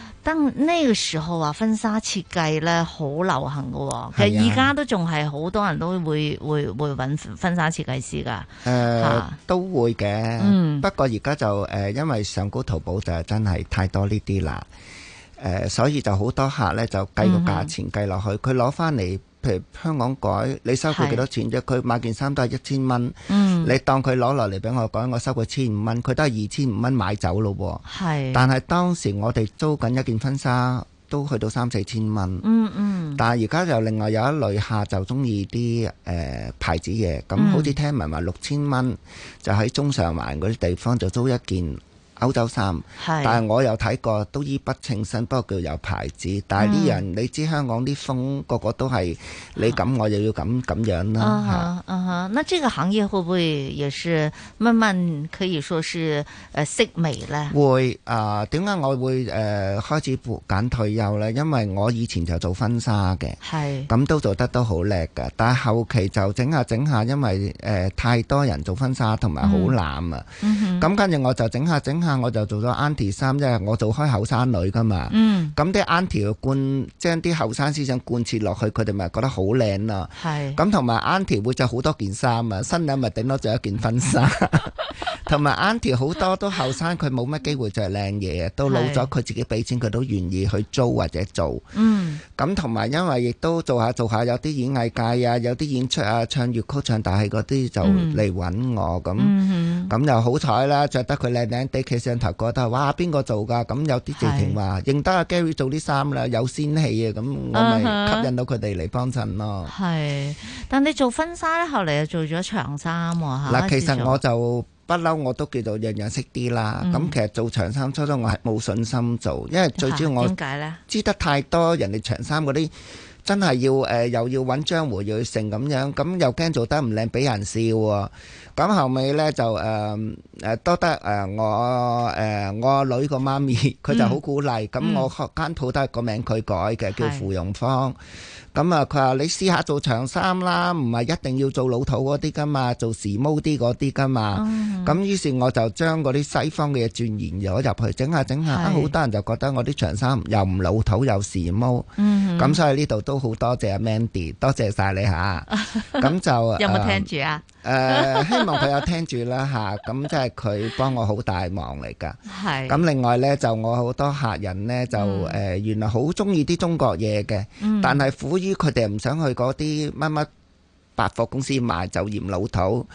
但呢個時候話婚紗設計呢好流行嘅，其實而家都仲係好多人都會會會搵婚紗設計師噶，誒、呃啊、都會嘅。嗯、不過而家就誒、呃、因為上高淘寶就真係太多呢啲啦，所以就好多客呢就計個價錢計落、嗯、去，佢攞翻嚟。譬如香港改，你收佢幾多錢啫？佢買件衫都係一千蚊，你當佢攞落嚟俾我改，我收佢千五蚊，佢都係二千五蚊買走咯。係，但係當時我哋租緊一件婚紗，都去到三四千蚊。嗯嗯，但係而家就另外有一類客就中意啲誒牌子嘢，咁好似聽聞話六千蚊就喺中上環嗰啲地方就租一件。歐洲衫，但係我有睇過都衣不稱身，不過叫有牌子。但係啲人，你知香港啲風，個個都係你咁、啊，我又要咁咁樣，樣啦。啊，啊那這個行業會不會也是慢慢可以說是誒式微呢？會啊，點、呃、解我會誒、呃、開始揀退休呢？因為我以前就做婚紗嘅，係咁都做得都好叻㗎。但係後期就整下整下，因為、呃、太多人做婚紗同埋好懶啊。咁、嗯嗯、跟住我就整下整下。我就做咗 auntie 衫，即係我做開後生女噶嘛。咁啲 auntie 嘅貫，將啲後生思想貫徹落去，佢哋咪覺得好靚啦。咁同埋 auntie 會着好多件衫啊，新娘咪頂多着一件婚紗。同埋 auntie 好多都後生，佢冇乜機會着靚嘢，都老咗佢自己俾錢，佢都願意去租或者做。咁同埋因為亦都做下做下，有啲演藝界啊，有啲演出啊，唱粵曲唱大戲嗰啲就嚟搵我咁。咁又好彩啦，着得佢靚靚哋。上頭覺得哇，邊個做噶？咁有啲直情話認得阿 Gary 做啲衫啦，有仙氣啊！咁我咪吸引到佢哋嚟幫襯咯。係、uh -huh.，但你做婚紗咧，後嚟又做咗長衫吓。嗱，其實我就不嬲，嗯、一我都叫做樣樣識啲啦。咁、嗯、其實做長衫初初我係冇信心做，因為最主要我知得太多人哋長衫嗰啲真係要誒、呃，又要揾漿糊，又要剩咁樣，咁又驚做得唔靚，俾人笑。咁後尾咧就誒誒、呃、多得誒、呃、我誒、呃、我女個媽咪佢就好鼓勵，咁、嗯、我間鋪都係個名佢改嘅、嗯，叫芙蓉坊。咁啊，佢、嗯、話你試下做長衫啦，唔係一定要做老土嗰啲噶嘛，做時髦啲嗰啲噶嘛。咁、嗯、於是我就將嗰啲西方嘅嘢轉移咗入去，整下整下、啊，好多人就覺得我啲長衫又唔老土又時髦。咁、嗯嗯、所以呢度都好多謝阿 Mandy，多謝晒你吓。咁就有冇聽住啊？ 誒、 呃，希望佢有聽住啦吓，咁即係佢幫我好大忙嚟噶。係咁，另外咧就我好多客人咧就誒、嗯、呃，原來好中意啲中國嘢嘅、嗯，但係苦於佢哋唔想去嗰啲乜乜百貨公司買就嫌老土。咁，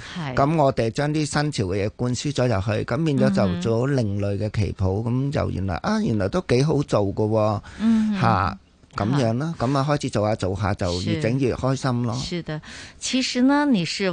嗯、我哋將啲新潮嘅嘢灌輸咗入去，咁變咗就做另類嘅旗袍，咁、嗯、就原來啊，原來都幾好做噶、哦。嗯，吓咁樣啦，咁啊，啊，啊，開始做下做下就越整越開心咯是。是的，其實呢，你是。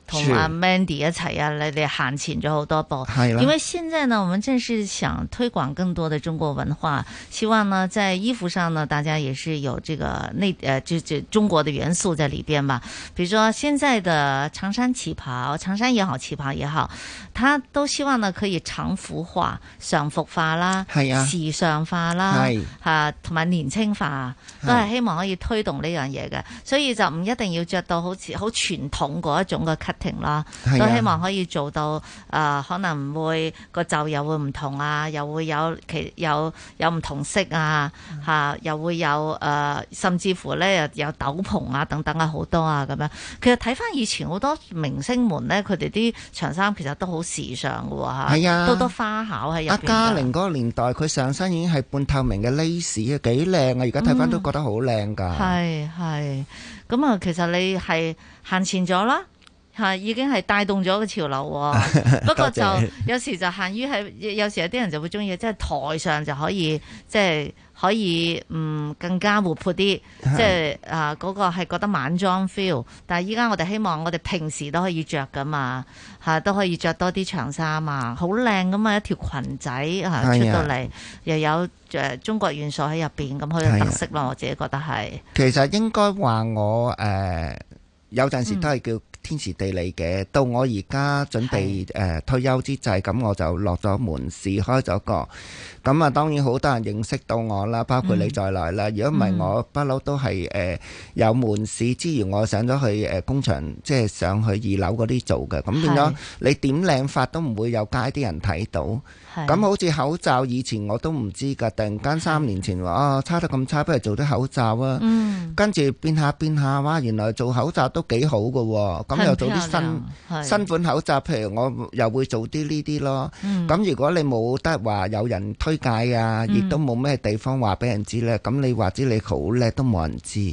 同阿 Mandy 一齊啊！你哋行前咗好多步，係啦。因為現在呢，我們正是想推廣更多的中國文化，希望呢，在衣服上呢，大家也是有這個內，誒、呃，就就中國的元素在裏邊嘛。比如說現在的長衫、旗袍，長衫也好，旗袍也好，他都希望呢可以長服化、常服化啦，係啊，時尚化啦，係吓，同、啊、埋年輕化，都係希望可以推動呢樣嘢嘅。所以就唔一定要着到好似好傳統嗰一種嘅停啦、啊！都希望可以做到誒、呃，可能唔會個袖又會唔同啊，又會有其有有唔同色啊嚇、啊，又會有誒、呃，甚至乎咧有斗篷啊等等啊好多啊咁樣。其實睇翻以前好多明星們咧，佢哋啲長衫其實都好時尚嘅嚇、啊，都、啊、多，多花巧喺入邊。阿嘉玲嗰個年代，佢上身已經係半透明嘅 lace，幾靚啊！而家睇翻都覺得好靚㗎。係係咁啊！是是其實你係行前咗啦。係已經係帶動咗個潮流，不過就有時就限於係有時有啲人就會中意，即係台上就可以即係可以嗯更加活潑啲，即係啊嗰個係覺得晚裝 feel。但係依家我哋希望我哋平時也可的都可以着噶嘛，嚇都可以着多啲長衫啊，好靚噶嘛一條裙仔嚇出到嚟、啊、又有誒中國元素喺入邊，咁好有特色咯。我自己覺得係其實應該話我誒、呃、有陣時都係叫。天時地利嘅，到我而家準備誒退休之際，咁是我就落咗門市，開咗個。咁啊，當然好多人認識到我啦，包括你在內啦。如果唔係，我不嬲、嗯、都係誒、呃、有門市之餘，我上咗去誒工場，即係上去二樓嗰啲做嘅。咁變咗你點領法都唔會有街啲人睇到。咁好似口罩以前我都唔知噶，突然間三年前話啊、哦、差得咁差，不如做啲口罩啊。嗯、跟住變下變下，哇！原來做口罩都幾好噶，咁、嗯、又做啲新、嗯、新款口罩。譬如我又會做啲呢啲咯。咁、嗯、如果你冇得話，有人推介啊，亦都冇咩地方話俾人、嗯、人知呢。咁你話知你好叻都冇人知。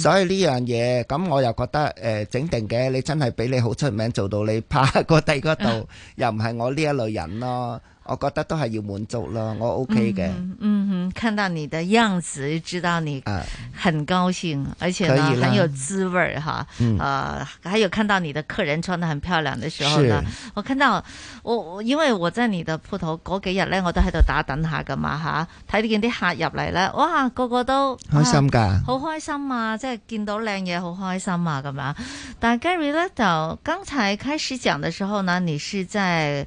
所以呢樣嘢，咁我又覺得誒、呃、整定嘅。你真係俾你好出名，做到你拍個地嗰度，又唔係我呢一類人咯。嗯我覺得都係要滿足咯，我 OK 嘅、嗯。嗯哼、嗯，看到你的樣子，知道你很高興，呃、而且呢，很有滋味哈。啊、嗯呃，還有看到你的客人穿得很漂亮的時候呢，我看到我，因為我在你的鋪頭，嗰幾日呢，我都喺度打等下噶嘛吓，睇、啊、見啲客入嚟咧，哇，個個都、啊、開心噶，好開心啊！即係見到靚嘢，好開心啊咁樣。但 Gary 咧，就剛才開始講的時候呢，你是在。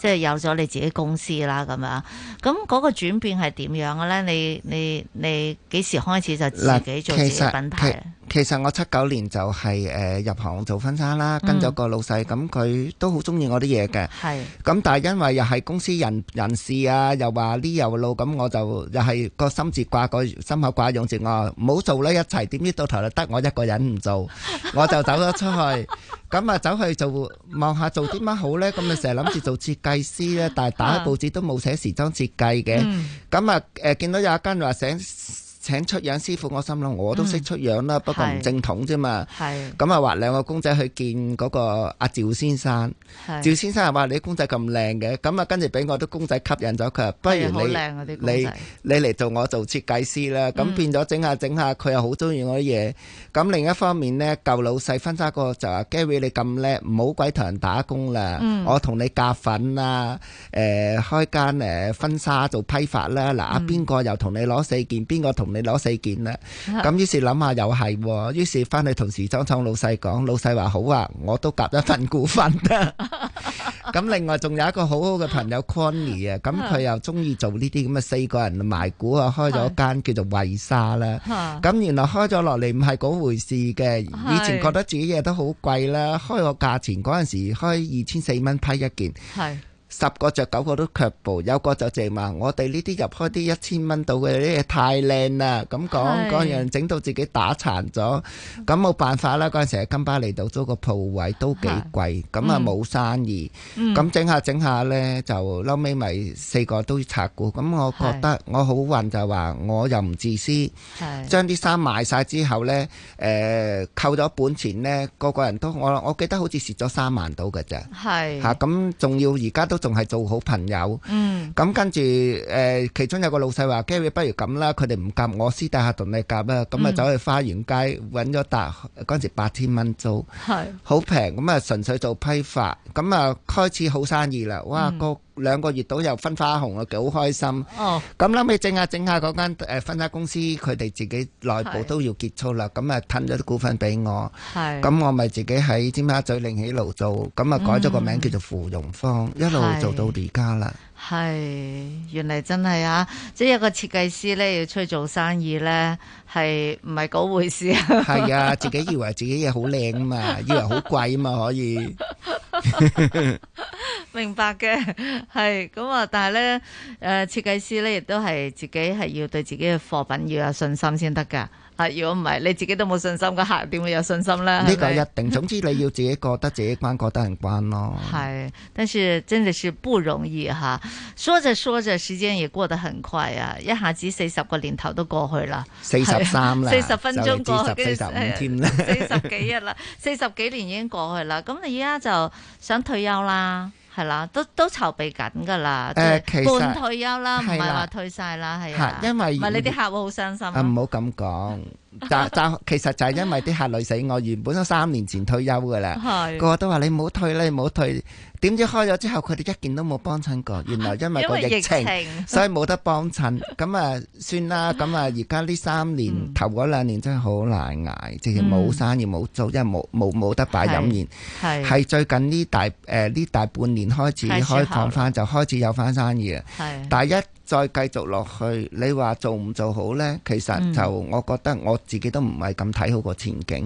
即係有咗你自己公司啦，咁樣，咁嗰個轉變係點樣嘅咧？你你你幾時開始就自己做自己品牌咧？其實我七九年就係誒入行做婚紗啦，跟咗個老細，咁佢都好中意我啲嘢嘅。係，咁但係因為又係公司人人事啊，又話呢又路，咁我就又係個心字掛個心口掛勇字，我唔好做啦，一齊點知到頭就得我一個人唔做，我就走咗出去。咁啊，走去做望下做啲乜好呢？咁啊，成日諗住做設計師呢，但係打開報紙都冇寫時裝設計嘅。咁、嗯、啊，誒、呃、見到有一間話寫。請出樣師傅，我心諗我都識出樣啦，不過唔正統啫嘛。咁啊，畫兩個公仔去見嗰個阿趙先生。趙先生係話：你公仔咁靚嘅，咁啊，跟住俾我啲公仔吸引咗佢。不如你你你嚟做我做設計師啦。咁變咗整下整下，佢又好中意我啲嘢。咁另一方面呢，舊老細婚紗個就話 Gary 你咁叻，唔好鬼同人打工啦。我同你夾粉啦，誒開間誒婚紗做批發啦。嗱，邊個又同你攞四件？邊個同你？攞四件啦，咁於是諗下又係，於是翻去同時裝廠老細講，老細話好啊，我都夾一份股份啦。咁 另外仲有一個好好嘅朋友 Conny 啊，咁 佢又中意做呢啲咁嘅，四個人埋股啊，開咗間叫做惠沙啦。咁原來開咗落嚟唔係嗰回事嘅，以前覺得自己嘢都好貴啦，開個價錢嗰陣時開二千四蚊批一件。十個著九個都卻步，有個就剩埋我哋呢啲入開啲一千蚊到嘅啲嘢太靚啦。咁講嗰樣整到自己打殘咗，咁冇辦法啦。嗰陣時喺金巴利度租個鋪位都幾貴，咁啊冇生意。咁、嗯、整下整下呢，就後尾咪四個都要拆夥。咁我覺得我好運就係話，我又唔自私，將啲衫賣晒之後呢，呃、扣咗本錢呢，個個人都我我記得好似蝕咗三萬到㗎咋。係咁仲要而家都仲。係做好朋友，咁、嗯、跟住，誒、呃，其中有個老細話 Gary 不如咁啦，佢哋唔夾我，私底下同你夾啊，咁啊走去花園街揾咗達，嗰陣時八千蚊租，係好平，咁啊純粹做批發，咁啊開始好生意啦，哇、嗯兩個月到又分花紅，我幾好開心。哦，咁諗起整下整下嗰間分家公司，佢哋自己內部都要結束啦。咁啊是，吞咗啲股份俾我。係是，咁我咪自己喺尖沙咀另起爐灶，咁啊改咗個名、嗯、叫做芙蓉坊，一路做到而家啦。是嗯係，原嚟真係啊！即係一個設計師咧，要出去做生意咧，係唔係嗰回事啊？ 係啊，自己以為自己嘢好靚啊嘛， 以為好貴啊嘛，可以。 明白嘅，係咁啊！但係咧，誒，設計師咧亦都係自己係要對自己嘅貨品要有信心先得㗎。如果唔係你自己都冇信心，個客點會有信心咧？呢個係一定。 總之你要自己覺得自己關， 覺得人關咯。係，但是真的是不容易嚇。說着說着，時間也過得很快啊！一下子四十個年頭都過去啦，四十三啦， 四十分鐘過去，就是、十四十五天啦， 四十幾日啦， 四十幾年已經過去啦。咁你而家就想退休啦？係啦，都都籌備緊噶啦，即係呃，半退休啦，唔係話退晒啦，係啊，因為唔係你啲客戶好傷心啊，唔好咁講。呃就 其實就係因為啲客累死我，原本都三年前退休噶啦，個 個都話你唔好退咧，你唔好退。點知開咗之後，佢哋一件都冇幫襯過。原來因為個疫情， 因為疫情，所以冇得幫襯。咁 啊算啦。咁啊而家呢三年、嗯、頭嗰兩年真係好難挨，直情冇生意冇、嗯、做，即係冇冇冇得擺飲宴。係最近呢大誒呢、呃、大半年開始開放翻，就開始有翻生意啊。係但係一。再繼續落去，你話做唔做好呢？其實就我覺得我自己都唔係咁睇好個前景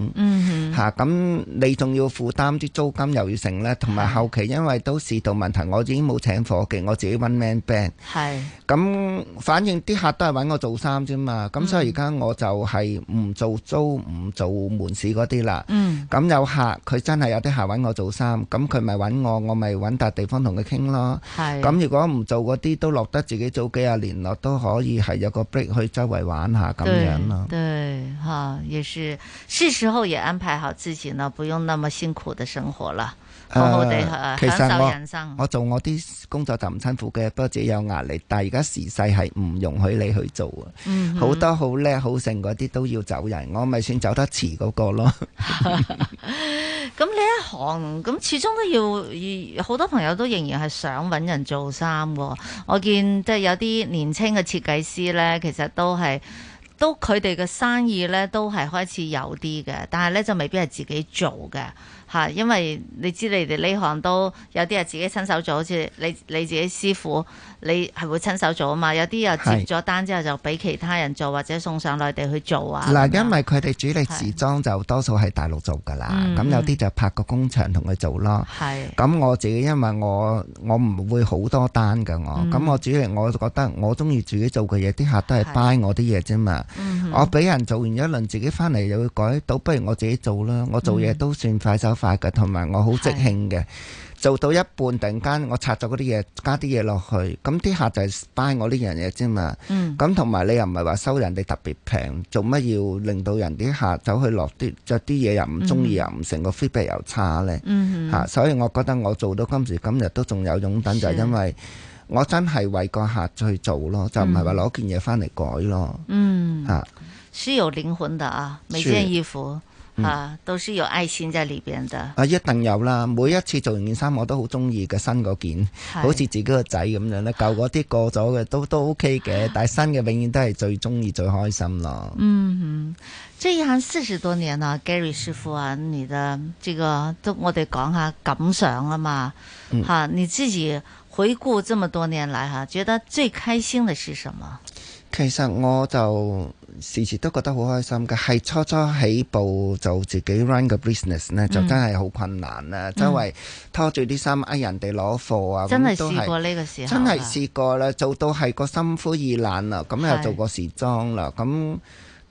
嚇。咁、嗯啊、你仲要負擔啲租金又要成呢？同埋後期因為都市道問題，我已經冇請伙計，我自己 one man band。係、啊、咁，反正啲客都係揾我做衫啫嘛。咁、啊啊、所以而家我就係唔做租，唔做門市嗰啲啦。咁、嗯啊、有客佢真係有啲客揾我做衫，咁佢咪揾我，我咪揾笪地方同佢傾咯。咁、啊、如果唔做嗰啲，都落得自己做。幾啊年咯，都可以係有個 break 去周圍玩下咁樣咯。對，哈，啊，也是，是時候也安排好自己啦，不用那麼辛苦的生活啦。好好地、呃、享受人生。我，我做我啲工作就唔辛苦嘅，不過自己有壓力。但係而家時勢係唔容許你去做啊！嗯、哼很多很好多好叻好勝嗰啲都要走人，我咪算走得遲嗰個咯。咁 呢 一行咁始終都要，好多朋友都仍然係想揾人做衫。我見即係有啲年青嘅設計師呢，其實都係都佢哋嘅生意呢都係開始有啲嘅，但係呢就未必係自己做嘅。因為你知你哋呢行都有啲係自己親手做，好似你你自己師傅，你係會親手做啊嘛。有啲又接咗單之後就俾其他人做，或者送上內地去做啊。嗱，因為佢哋主力時裝就多數係大陸做㗎啦，咁有啲就拍個工場同佢做咯。咁我自己因為我我唔會好多單㗎，我咁我主力，我覺得我中意自己做嘅嘢，啲客都係 buy 我啲嘢啫嘛。我俾人做完一輪，自己翻嚟又要改，倒不如我自己做啦。我做嘢都算快手。同埋我好即興嘅，做到一半突然間我拆咗嗰啲嘢，加啲嘢落去，咁啲客就係 buy 我呢樣嘢啫嘛。咁同埋你又唔係話收別人哋特別平，做乜要令到人啲客人走去落啲著啲嘢又唔中意又唔成個 feedback 又差咧？吓、嗯啊，所以我覺得我做到今時今日都仲有勇等，就是、因為我真係為個客去做咯，嗯、就唔係話攞件嘢翻嚟改咯。嗯，係、啊，是有靈魂的啊，每件衣服。啊，都是有愛心在裏邊的。啊、嗯，一定有啦！每一次做完件衫，我都好中意嘅新嗰件，好似自己個仔咁樣咧。舊嗰啲過咗嘅都、啊、都 OK 嘅，但係新嘅永遠都係最中意、啊、最開心咯、嗯。嗯，這一行四十多年啦、啊、Gary 師傅啊，你的這個都我哋講下感想啊嘛。吓、嗯啊，你自己回顧這麼多年來、啊，吓，覺得最開心的是什麼？其實我就，時時都覺得好開心嘅，係初初起步就自己 run 個 business 呢、嗯、就真係好困難啦、嗯，周圍拖住啲衫，嗌人哋攞貨啊，真係試過呢個時候，真係試過啦，做到係個心灰意冷啦，咁又做過時裝啦，咁。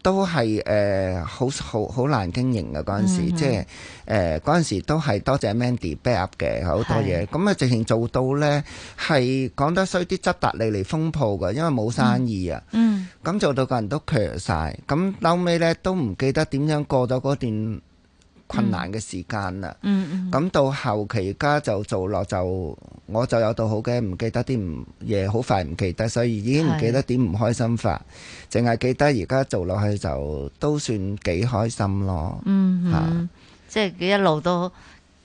都係誒、呃、好好好難經營嘅嗰陣時，即係誒嗰陣時都係多謝 Mandy back up 嘅好多嘢，咁啊是直情做到咧，係講得衰啲，執達吏嚟封鋪嘅，因為冇生意啊，咁、嗯嗯、做到個人都強晒。咁嬲尾咧都唔記得點樣過咗嗰段困難嘅時間啦，咁、嗯嗯嗯、到後期而家就做落就我就有到好驚，唔記得啲唔嘢好快唔記得，所以已經唔記得點唔開心法，淨係記得而家做落去就都算幾開心咯。嗯嗯，即係佢一路都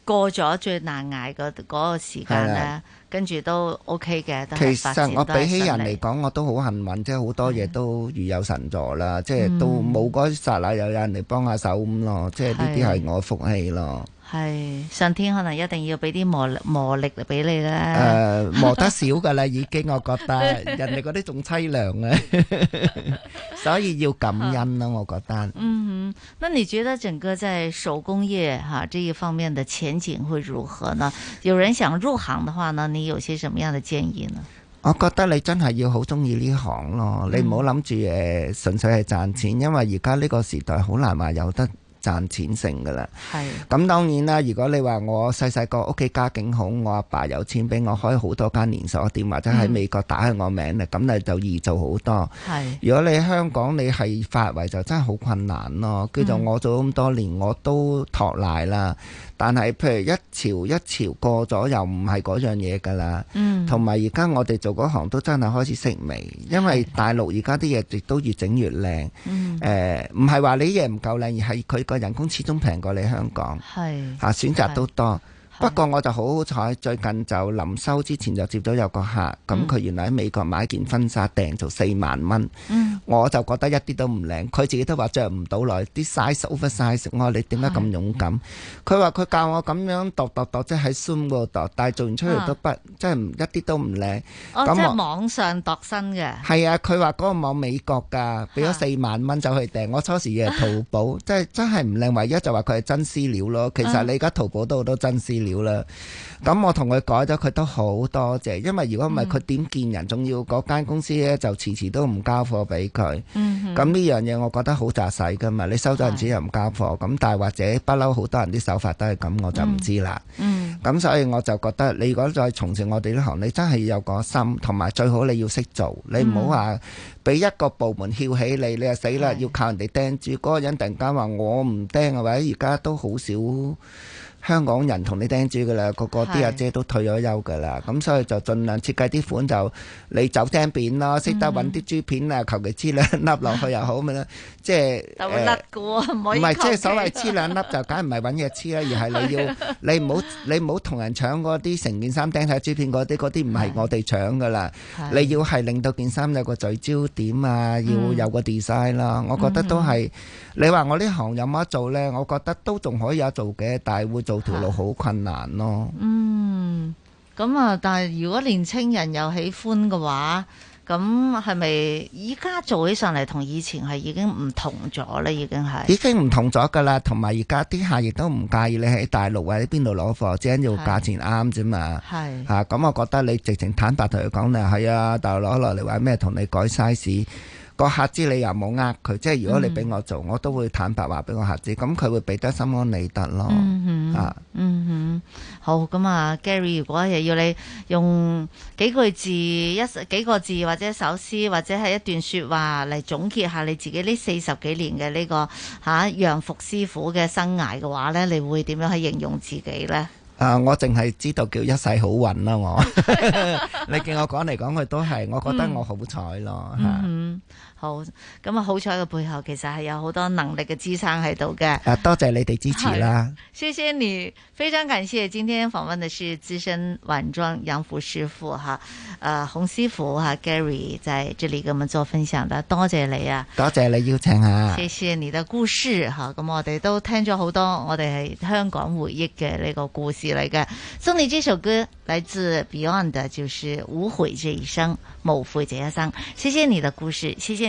過咗最難挨嗰個時間啦。跟住都 OK 嘅，其實我比起人嚟講，我都好幸運，即係好多嘢都如有神助啦，的即係都冇嗰啲剎那有人嚟幫下手咁咯，嗯、即係呢啲係我福氣咯。係，上天可能一定要俾啲磨磨力俾你咧、呃，磨得少噶啦已經， 我覺得人哋嗰啲仲淒涼啊， 所以要感恩咯，我覺得。嗯哼，那你覺得整個在手工業吓，呢、啊、一方面的前景會如何呢？有人想入行嘅話呢，你有些什麼樣嘅建議呢？我覺得你真係要好中意呢行咯，嗯、你唔好諗住誒純粹係賺錢、嗯，因為而家呢個時代好難話有得。賺錢性嘅啦，咁是當然啦。如果你話我細細個屋企家境好，我阿爸，爸有錢俾我開好多間連鎖店，嗯、或者喺美國打開我名咧，咁你就易做好多。是如果你香港你係發圍就真係好困難咯。叫做、嗯、我做咁多年我都托賴啦。但係，譬如一潮一潮過咗，又唔係嗰樣嘢㗎啦。同埋而家我哋做嗰行業都真係開始式微，因為大陸而家啲嘢亦都越整越靚。誒、嗯，唔係話你嘢唔夠靚，而係佢個人工始終平過你香港。係啊，選擇都多。不過我就好好彩，最近就臨收之前就接到有一個客，咁佢原嚟喺美國買件婚紗訂做，四萬蚊。我就覺得一啲都唔靚，佢自己都話着唔到耐啲 size over size。我話你點解咁勇敢？佢話佢教我咁樣度度度，即係喺 Zoom 度，但係做完出嚟都不，嗯、即係一啲都唔靚。咁、哦、即係網上度身嘅。係啊，佢話嗰個網美國㗎，俾咗四萬蚊就去訂。我初時以為係淘寶，嗯、即係真係唔靚，唯一就話佢係真絲料咯。其實你而家淘寶都好多真絲。少啦，咁我同佢改咗，佢都好多謝。因為如果唔係，佢點見人？仲要嗰間公司咧，就遲遲都唔交貨俾佢。咁呢樣嘢我覺得好扎使㗎嘛。你收咗人錢又唔交貨，咁但係或者不嬲好多人啲手法都係咁，我就唔知啦。咁所以我就覺得，你如果再從事我哋呢行，你真係有個心，同埋最好你要識做。你唔好話俾一個部門翹起你，你啊死啦！要靠人哋釘住，嗰個人突然間話我唔釘係咪？而家都好少。香港人同你釘珠噶啦，個個啲阿姐都退咗休噶啦，咁所以就儘量設計啲款就你走釘片啦，識得揾啲珠片啊，求其支兩粒落去又好咪啦。即係甩，唔係即係所謂黐兩粒就梗係唔係揾嘢黐啦，而係你要你唔好你唔好同人搶嗰啲成件衫釘喺珠片嗰啲，嗰啲唔係我哋搶噶啦。你要係令到件衫有個聚焦點啊，要有個 design 啦。我覺得都係你話我呢行有乜做呢，我覺得都仲可以有做嘅，但係會做條路好困難咯。嗯，咁啊，但係如果年青人又喜歡嘅話，咁係咪依家做起上嚟同以前係已經唔同咗咧？已經係已經唔同咗噶啦，同埋而家啲客亦都唔介意你喺大陸或者邊度攞貨，只係要價錢啱啫嘛。係啊，咁我覺得你直情坦白同佢講咧，係啊，大陸攞落嚟話咩同你改 size。那個客仔你又冇呃佢，即係如果你俾我做，我都會坦白話俾我客仔，咁佢會俾得心安理得咯。啊、嗯，嗯好，咁啊，Gary，如果又要你用幾句字一幾個字或者一首詩或者係一段說話嚟總結下你自己呢四十幾年嘅，呢、這個吓洋服師傅嘅生涯嘅話呢，你會點樣去形容自己呢？啊、呃，我淨係知道叫一世好運啦，我 你見我講嚟講去都係，我覺得我好彩咯。嗯。嗯好咁啊！好彩嘅背後其實係有好多能力嘅支撐喺度嘅。啊，多謝你哋支持啦！謝謝你，非常感謝。今天訪問的是資深晚裝洋服師傅哈，啊、呃、孔師傅哈 Gary 在這裏給我們做分享的，多謝你啊！多謝你邀請啊！謝謝你的故事吓，咁我哋都聽咗好多，我哋係香港回憶嘅呢個故事嚟嘅。送你這首歌來自 Beyond，就是無悔這一生，無悔這一生。謝謝你的故事，謝謝。